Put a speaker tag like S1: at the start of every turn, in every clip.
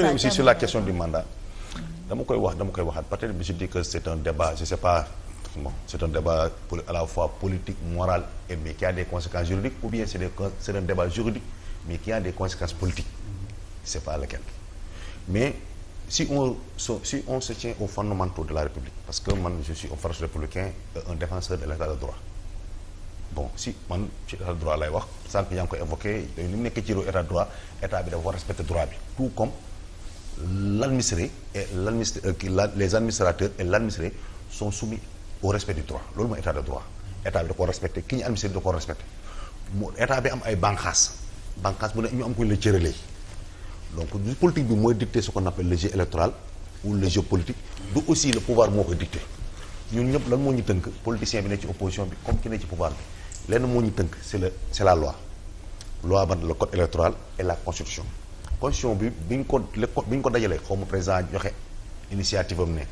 S1: mais sur la question du mandat dama koy wax dama koy waxaat peut bi je dis que c'est un débat je sais pas c'est un débat politique moral mais qui a des conséquences juridiques ou bien c'est des c'est un débat juridique mais qui a des conséquences politiques c'est pas lequel mais si so si on se tient aux fondamentaux de la République parce que man je suis un farouche républicain euh, un défenseur de l'état de droit bon si man ci état droit lay wax sànq yaa ngi koy évoqué li mu nekk ci état de droit état bi dafa war bi tout comme l'administré et l'administré euh, les administrateurs et l'administré sont soumis au respect du droit loolu mooy état de droit état bi da koo respecté ki ñu administré da koo respecté mu état bi am ay banqaas banqaas bu ne ñu am ko la cëralee donc du politique bi mooy dicter ce qu'on appelle le jeu électoral ou le jeu politique du aussi le pouvoir moo koy dicter ñun ñëpp lan moo ñu tënk politicien bi ne ci opposition bi comme ki ne ci pouvoir bi lenn moo ñu tënk c'est la loi loi ban le code électoral et la constitution constitution bi biñ ko lekko biñ ko dajalee xaw ma président joxe initiative am ne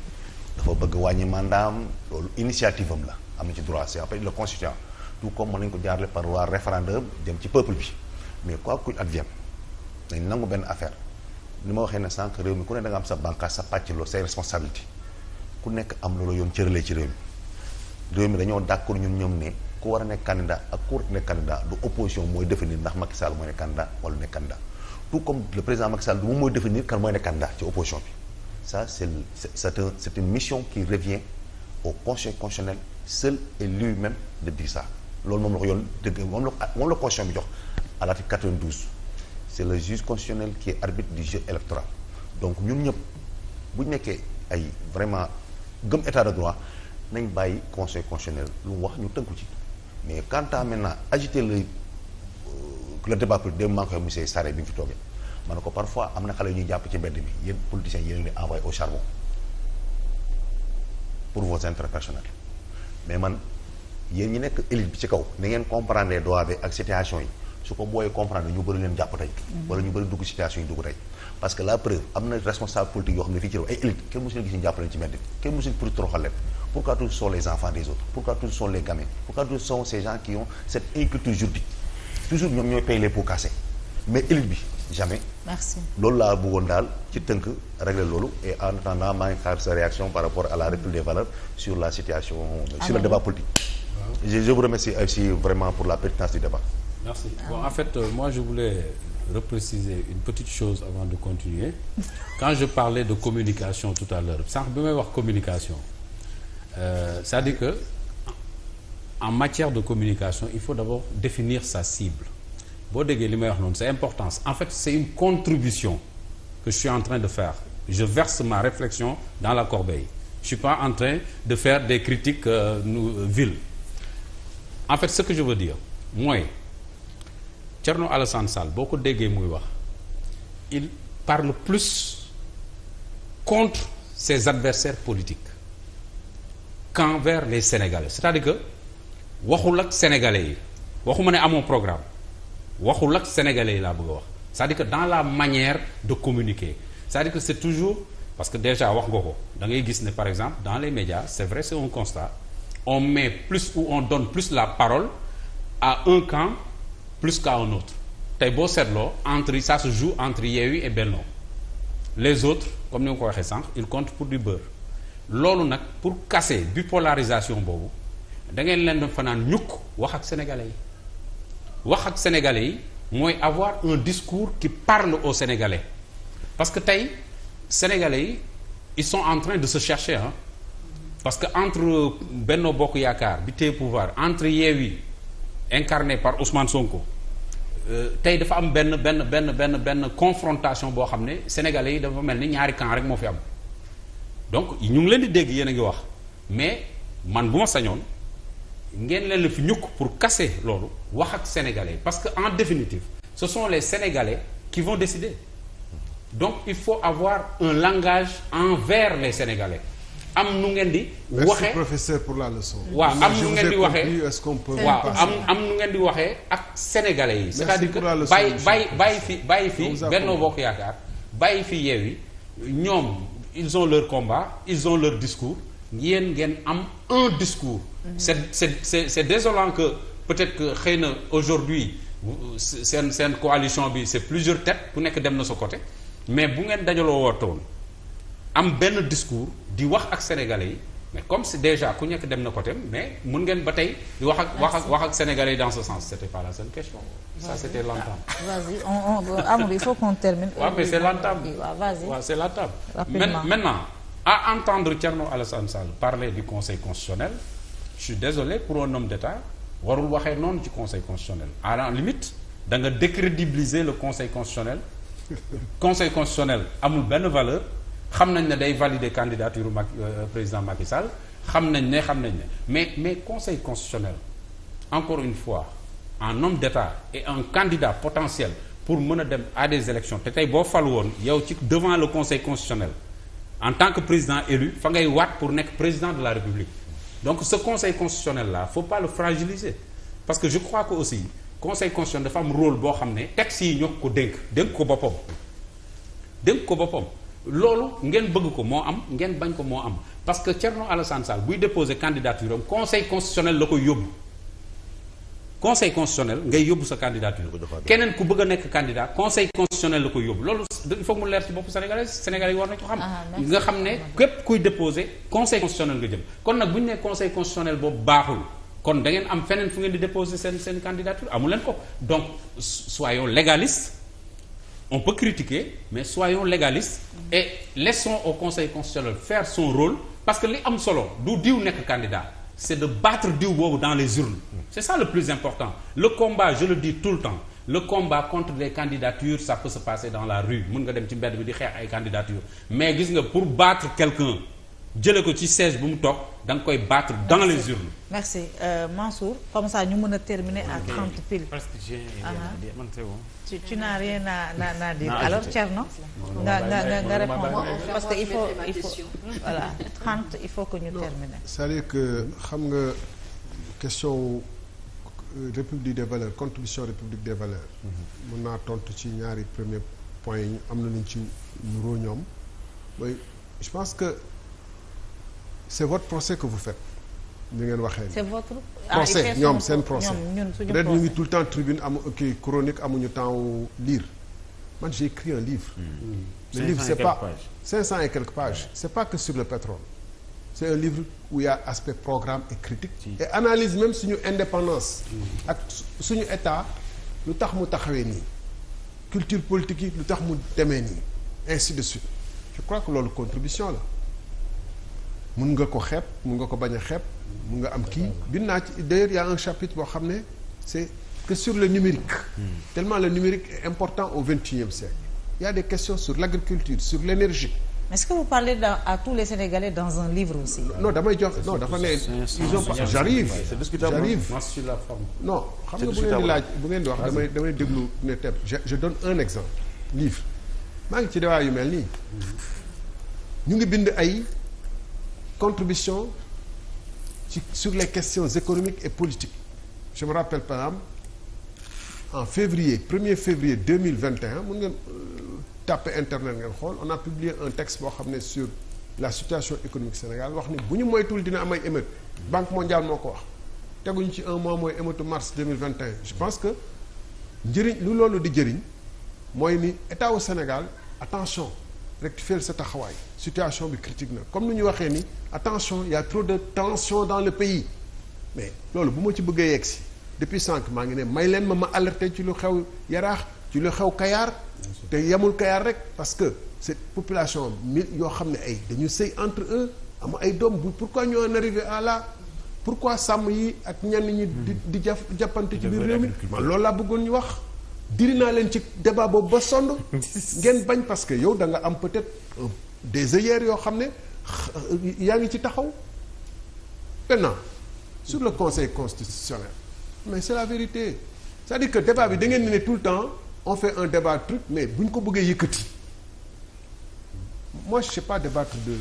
S1: dafa bëgg wàññi mandaam loolu initiative am la am na ci droit c'est après le constituant tout comme mën nañ ko jaarale par voie référendaire dem ci peuple bi mais quoi qu'il advienne nañ nangu benn affaire ni ma waxee ne sànq réew mi ku ne da am sa bànqaas sa pàcc loolu say responsabilité ku nekk am loolu yoon cëralee ci réew mi réew mi dañoo d'accord ñun ñoom ne ku war nekk candidat ak ku a nekk candidat du opposition mooy définir ndax Macky Sall mooy nekk candidat wala nekk tout comme le président Macky Sall du moom mooy définir kan mooy ne candidat ci opposition bi ça c' c'est une mission qui revient au conseil constitutionnel seul et lui-même de dire ça loolu moom la ko yoon dëgg moom la ko moom la constitution bi jox à l'article 92 c' est le juge constitutionnel qui est arbitre du jeu électoral donc ñun ñëpp bu ñu nekkee ay vraiment gëm état de droit nañ bàyyi conseil constitutionnel lu wax ñu tënku ci mais quant à maintenant agiter le débat politique démb maa ngi Sare bi ñu fi toogee ma ne ko parfois am na xale yu jàpp ci mbedd mi yéen politiciens yéen a ngi au charbon pour vos intérêts mais man yéen ñi nekk élite bi ci kaw ni comprendre droit bi ak situation yi su ko booyee comprendre ñu bëri leen jàpp tey. Mm-hmm. wala ñu bëri dugg situation yi dugg tey. parce que la preuve am na responsable politique yoo xam ne fii ci réew ay élite kenn mosu gis ñu jàpp leen ci mbedd mi kenn mosu pour toujours ñoom ñooy paye les pots cassés mais élite bi jamais. loolu laa bëggoon daal ci tënk régler loolu et en attendant maa ngi xaar sa réaction par rapport à la République des valeurs sur la situation. Ah, sur le débat politique. je vous remercie aussi vraiment pour la pertinence du débat.
S2: merci ah bon en fait euh, moi je voulais repréciser une petite chose avant de continuer quand je parlais de communication tout à l'heure sànq bi may wax communication euh, c'est-à-dire que. en matière de communication il faut d'abord définir sa cible boo déggee li may wax noonu c'est importance en fait c'est une contribution que je suis en train de faire je verse ma réflexion dans la corbeille je suis pas en train de faire des critiques euh, euh vile en fait ce que je veux dire mooy Thierno Alassane Sall boo ko déggee muy wax il parle plus contre ses adversaires politiques qu'envers les Sénégalais c'est-à-dire que waxul ak sénégalais yi waxuma ne amoon programme waxul ak sénégalais yi laa bëgg a wax c'est-à-dire que dans la manière de communiquer c'est-à-dire que c'est toujours parce que déjà wax nga ko dangay gis ne par exemple dans les médias c'est vrai c'est un constat on met plus ou on donne plus la parole à un camp plus qu'à un autre tey boo seetloo entre ça se joue entre Yewwi et Benno les autres comme ni nga ko waxee sànq ils comptent pour du beurre loolu nag pour casser bipolarisation boobu da ngeen leen doon fanaan ñukk wax ak sénégalais yi wax ak sénégalais yi mooy avoir un discours qui parle au sénégalais parce que tey sénégalais yi ils sont en de se chercher parce que entre Benno Bokk Yaakaar bi téye pouvoir entre Yewwi incarné par Ousmane Sonko euh, tey dafa am benn benn benn benn benn confrontation boo xam ne sénégalais yi dafa mel ni ñaari camp rek moo fi am donc ñu ngi leen di dégg yéen a ngi wax mais man bu ma sañoon. ngeen leen la fi ñukk pour casser loolu wax ak sénégalais parce que en définitive ce sont les sénégalais qui vont décider donc il faut avoir un langage envers les sénégalais am nu ngeen di. waxee
S3: professeur pour la leçon. waaw am nu ngeen di waxee est-ce
S2: am ngeen di waxee ak sénégalais yi. c'est-à-dire que bàyyi bàyyi bàyyi fi bàyyi fi Benno Bokk Yaakaar bàyyi fi Yewwi ñoom ils ont leur combat ils ont leur discours. yéen ngeen am un discours. c'est c'est c'est c'est désolant que peut-être que xëy na aujourd'hui euh, seen seen coalition bi c'est plusieurs têtes ku nekk dem na sa côté mais bu ngeen dajaloo wootoon am benn discours di wax ak sénégalais yi mais comme si déjà ku nekk dem na côté mais mun ngeen ba tey di wax ak wax ak wax ak sénégalais yi dans ce sens c'était pas la seule question. ça c'était l'entame. Ah, vas mais c'est à entendre Thierno Alassane Sall parler du conseil constitutionnel je suis désolé pour un homme d'État warul waxee noonu ci conseil constitutionnel à la limite da nga décrédibiliser le conseil constitutionnel conseil constitutionnel amul benn valeur xam nañ ne day valider candidature euh, président Macky Sall xam nañ ne xam nañ ne mais mais conseil constitutionnel encore une fois un homme d'État et un candidat potentiel pour mën a dem à des te tey boo fal woon yow ci devant le conseil en tant que président élu fa ngay waat pour nekk président de la république donc ce conseil constitutionnel là faut pas le fragiliser parce que je crois que aussi conseil constitutionnel dafa am rôle boo xam ne texte yi ñoo ko dénk dénk ko boppam dénk ko boppam loolu ngeen bëgg ko moo am ngeen bañ ko moo am parce que Thierno Alassane Sall buy déposer candidature am conseil constitutionnel la koy yóbbu conseil constitutionnel ngay yóbbu sa candidature keneen ku bëgg a nekk candidat conseil constitutionnel la koy yóbbu loolu il faut mu leer ci bopp sénégalais sénégalais yi war nañ ko xam ah, nga xam ne képp kuy déposé conseil constitutionnel nga jëm kon nag bu ñu ne conseil constitutionnel boobu baaxul kon dangeen am feneen fu ngeen di déposer seen seen candidature amu leen ko donc soyons légalistes on peut critiquer mais soyons légalistes et laissons au conseil constitutionnel fair son parce que li am solo du diw nekk candidat c'est de battre diw boobu dans les urnes c'est ça le plus important le combat je le dis tout le temps le combat contre les candidatures ça peut se passer dans la rue mën nga dem ci mbedd bi di xeex ay candidatures mais gis nga pour battre quelqu'un jële ko ci siège bu mu toog danga koy battre dans merci. les urnes. merci euh, comme ça ñu mën a terminer à 30 pile. parce que j'ai uh-huh. man c'est bon. tu tu n'as rien à nga
S3: nga nga répondre
S2: parce que il faut il faut voilà 30 il faut que ñu terminer.
S3: c'est-à-dire que xam nga question euh, république des valeurs contribution république des valeurs. mën mm-hmm. naa tontu ci ñaari premier point yi am na lu ñu ci nuróo ñoom je pense que. c'est votre procès que vous faites ñu ngeen waxee. c'est votre ah, ñoom seen procès peut-être ñu ngi tout le temps tribune amu kii chronique amuñu temps wu lire man j'ai écrit un livre. Hmm. le livre c'est pas cinq cent et quelques pages c'est pas que sur le pétrole c'est un livre où il aspect programme et critique et analyse même suñu indépendance ak suñu état lu tax mu taxawee nii culture politique yi lu tax mu demee nii ainsi de suite je crois que loolu contribution la mun nga ko xep mun nga ko bañ a xeeb mun nga am kii bind naa ci d'ailleurs y un chapitre boo xam ne c'est que sur le numérique hmm. tellement le numérique est important au vingt-et-unième siècle il y a sur l'agriculture sur l'énergie
S2: est-ce que vous parlez dans, à tous les Sénégalais dans un livre aussi non
S3: damay jox non dafa ne ils ont pas j'arrive j'arrive non xam nga bu ngeen di laaj bu ngeen di wax damay déglu ne teb je donne un exemple livre maa ngi ci dawaa yu mel nii hmm. ñu ngi bind ay contribution ci sur les questions économiques et politiques je me rappelle par exemple en février 1er février 2021 mun ngeen euh, tàppe internet ngeen xool on a publié un texte boo xam ne sur la situation économique Sénégal wax ni bu ñu moytuwul dina am ay banque mondiale moo ko wax teguñu ci un mois mooy émeute mars 2021 je pense que njëriñ lu loolu di jëriñ mooy ni état wu Sénégal attention rectifier sa taxawaay situation bi critique na comme ni ñu waxee ni attention il a trop de tension dans le pays mais loolu bu ma ci bëggee yegg si depuis sànq maa ngi ne may leen ma ma alerter ci lu xew yaraax ci lu xew kayaar te yemul kayaar rek parce que cette population mi yoo xam ne ay dañu sëy entre eux am ay doom bu pourquoi ñoo en arrivé à là pourquoi sàmm yi ak ñenn ñi di di jàppante ci biir réew mi man loolu laa bëggoon ñu wax diri naa leen ci débat boobu ba sond ngeen bañ parce que yow danga am peut-être euh, des œillères yoo xam ne euh, yaa ngi ci taxaw maintenant sur le conseil constitutionnel mais c'est la vérité c'est-à-dire que débat bi da ngeen ne tout le temps on fait un débat truc mais buñ ko bëggee yëkkati moi je sais pas débattre de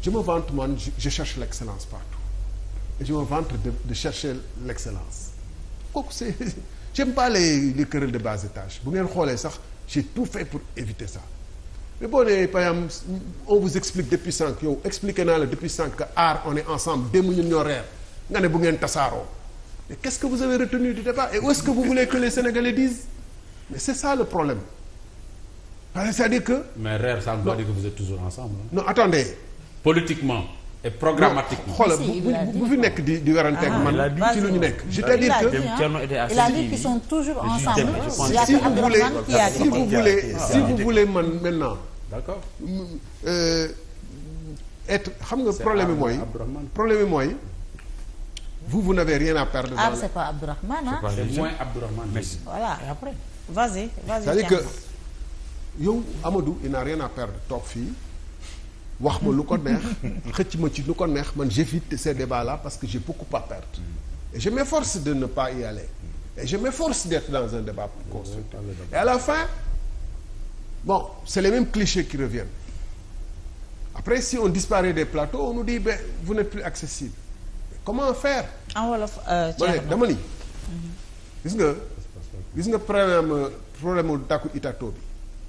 S3: je me vante man je cherche l'excellence partout et je de, chercher l'excellence kooku c'est j'aime pas les les de bas étage bu ngeen xoolee sax j'ai tout fait pour éviter ça mais boo nee eh, par on vous explique depuis cinq yow explique naa la depuis cinq que aar on est ensemble démb ñun ñoo reer nga ne bu ngeen tasaaroo mais que vous avez retenu du débat et où est que vous voulez que les Sénégalais mais c'est ça le problème parce que cest dire que.
S2: mais reer ça ne veut dire que vous êtes toujours ensemble. non attendez. et
S3: programmatiquement. xoolal bu fi nekk di di weranteeg ah, man. ci lu ñu nekk. c'est-à-dire que il
S2: toujours ensemble. si vous voulez si vous voulez si vous voulez
S3: man maintenant. Euh, xam nga problème bi mooy. problème mooy. vous vous n'avez rien à perdre. ah c'est c'est-à-dire que yow Amadou toog fii. wax ma lu ko neex xëcc ma ci lu ko neex man j'évite ces débats là parce que j'ai beaucoup à perdre et je m'efforce de ne pas y aller et je force de dans un débat constructif et à la fin bon c'est les mêmes clichés qui reviennent après si on disparaît des plateaux on nous dit ben plus accessible comment faire en wolof euh, dama ni mhm. gis nga gis nga problème problème mu dàkku bi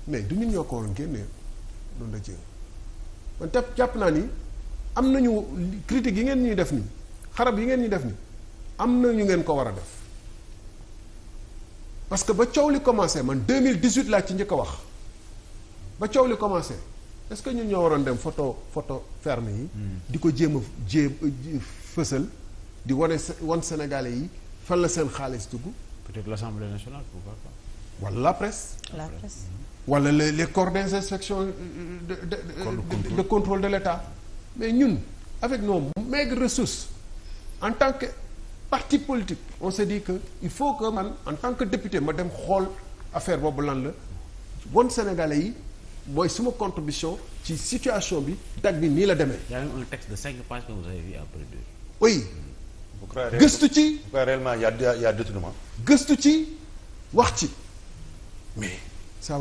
S3: mais du nit ñoo ko woon génne noonu la jël man tap jàpp naa ni am nañu critique yi ngeen ñuy def nii xarab yi ngeen ñuy def nii am na ñu ngeen ko war a def parce que ba coow li commencé man deux 2018 laa ci njëkk a wax ba coow li commencé est-ce que ñun ñoo waroon dem photo photo ferme yi. Hmm. di ko jéem a jéem fësal di wane wan Sénégalais yi fan la seen xaalis dugg. peut-être l'Assemblée nationale pourquoi pas. wala la presse. la presse wala les les corps des inspections euh, de de de, de, de l'État mais ñun avec nos maigres ressource en tant que parti politique on se dit que il faut que man en tant que député ma dem xool affaire boobu lan la bon sénégalais yi mooy suma contribution ci situation bi dag bi nii la demee.
S1: y a cinq pages que vous avez vu après gëstu ci. bu réellement y a y
S3: gëstu ci wax ci. mais saa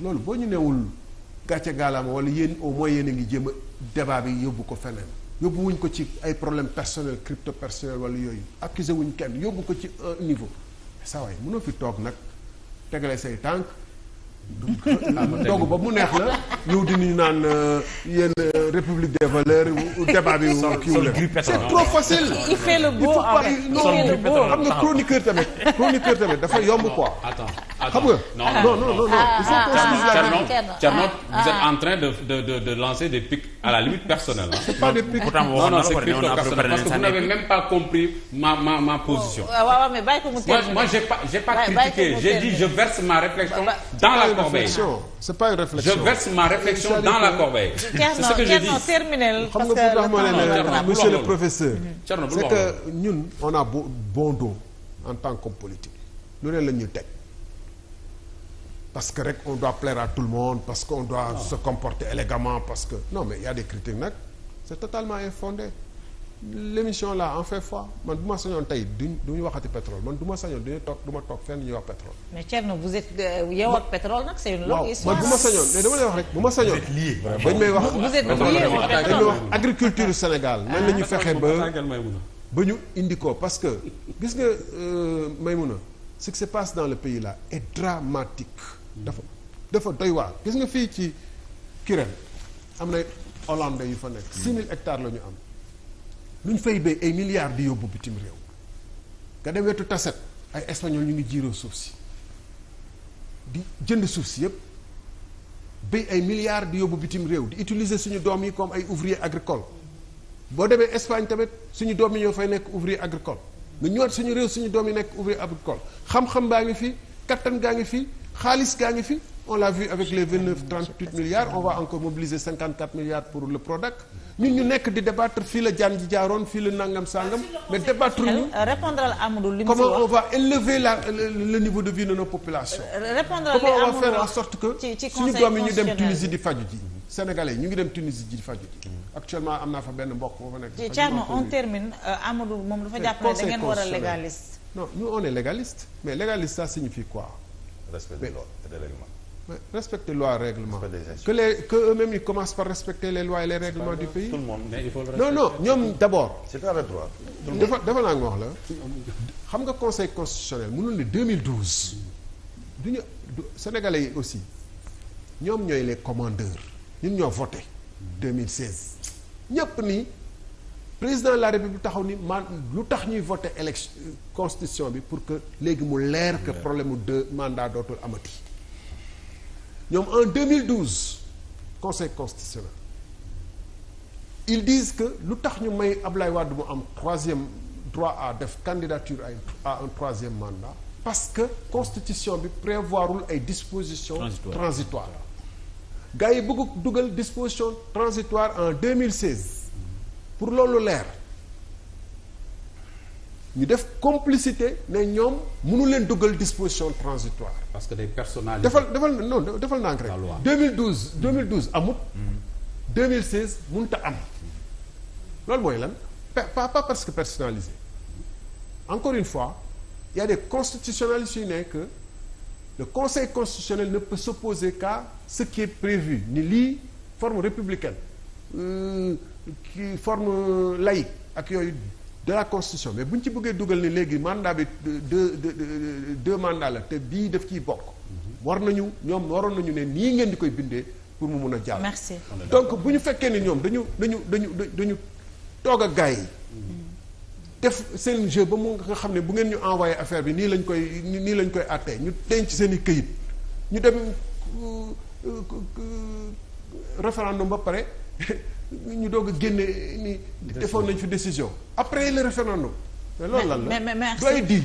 S3: loolu boo ñu newul gàcce gaalaama wala yéen au moins yéen a ngi jéem a débat bi yóbbu ko feneen yóbbu ko ci ay problème personnel crypto personnel wala yooyu accusé wuñ kenn yóbbu ko ci un niveau saa waay mënoo fi toog nag tegale say tànk dogu ba mu neex la ñëw di ñu naan euh, yéen euh, république des valeurs débat bi kiiw la c'est trop facile il fait le beau il faut pas non xam tamit chroniqueur tamit dafa yomb quoi xam ah,
S2: nga ah, non non non non ah, il vous êtes en train de de de de lancer des pics à la limite personnelle ah. pas des pics pourtant non parce que vous n'avez même pas compris ma oh, position. waaw
S3: waaw moi j'ai
S2: pas pas critiqué j'ai dit je verse ma réflexion dans la corbeille. c'est pas une réflexion je verse ma réflexion dans la corbeille. c'est ce que j'ai dit c'est
S3: que ñun on a bon dos en tant qu'homme politique lu ne la ñu teg. parce que rek on doit plaire tout le monde parce que on doit non. Ah. se comporter élégamment parce que no mais il y a des critiques nag c'est totalement infondé l'émission là en fait foi man du ma sañoon tey duñ du ñu waxati pétrole man du ma sañoon duñu toog du ma toog fenn ñuy wax pétrole.
S1: mais Thierno euh, pétrole nag c'est une longue histoire. waaw man bu ma sañoon mais
S3: dama lay wax rek bu ma sañoon. dañ may wax vous êtes lié au pétrole dañ wax agriculture Sénégal. nan la ñu ah, fexe ba ba ñu indi ko parce que gis nga euh, Maymouna ce qui se passe le pays là est dramatique. dafa dafa doy waar gis nga fii ci Kirène am na hollandais yu fa nekk hmm. six mille hectares la ñu am lu ñu fay béy ay milliards di yóbbu bitim réew nga dem wetu taset ay espagnol ñu ngi jiiroo suuf si di jënd suuf si yépp béy ay milliards di yóbbu bitim réew di utiliser suñu doom yi comme ay ouvrier agricole boo demee Espagne tamit suñu doom yi ñoo fay nekk ouvrier agricole nga ñëwaat suñu réew suñu doom yi nekk ouvrier agricole xam-xam baa ngi fi kattan gaa ngi fii xaalis gaa ngi fi on l'a vu avec les vingt neuf trente huit milliards on va encore mobiliser cinquante quatre milliards pour le Prodac ñun ñu nekk di débattre fii la jaan ji jaaroon fii la nangam sangam mais débattre ñu comment on va élever la le niveau de vie de nos populations
S2: on va faire en sorte que suñu doom yi ñu dem Tunisie
S3: di faju ji sénégalais ñu ngi dem Tunisie ji di faju ji actuellement am na fa benn mbokk boo fa nekk Thierno on termine euh, a légaliste non nous on est
S1: respect des lois et des règlements.
S3: mais respecter loi règlement. que les par respecter les lois et les règlements du pays. tout le monde mais il faut ñoom d'abord.
S1: c'est pas le droit. dafa
S3: dafa nga wax la. xam nga conseil constitutionnel mënul ne du ñu yi aussi ñoom ñooy les commandeurs ñun ñoo voté. 2016 ñëpp nii. président de la république taxaw ni man lu tax ñuy voter élection constitution bi pour que léegi mu leer que problème mu deux mandat dootul amati ñoom en 2012 conseil constitutionnel il disent que lu tax ñu may Ablaye Wade mu am troisième droit à def candidature à un troisième mandat parce que constitution bi prévoirul ay dispositions transitoires gars yi bëgg dugal disposition transitoire en 2016 pour loolu leer ñu def complicité ne ñoom mënu leen dugal disposition transitoire.
S2: parce que day personnalités.
S3: defal defal non defal naa rek. 2012 2012 amut. 2016 mënta am. loolu mooy lan pas pas parce que personnalisé encore une fois il y a des constitutionnalistes nekk ne que le conseil constitutionnel ne peut s'opposer qu'à ce prévu ni lii forme républicaine. Euh, ci forme laïque ak yooyu de la constitution mais bu ñu ci bëggee dugal ni léegi mandat bi deux deux mandats la te bii def ciy bokk. war nañu ñoom waroon nañu ne nii ngeen di koy bindee pour mu mun a jàll.
S2: merci donc
S3: bu ñu fekkee ni ñoom dañu dañu dañu dañu toog a gaay yi. def seen jeu ba mu nga xam ne bu ngeen ñu envoyé affaire bi nii lañ koy nii lañ koy àttee ñu denc seen i këyit ñu dem euh, euh, euh, référendum ba pare. ñu doog a génne ni defoon nañ fi décision après le référendum mais loolu lan la doy di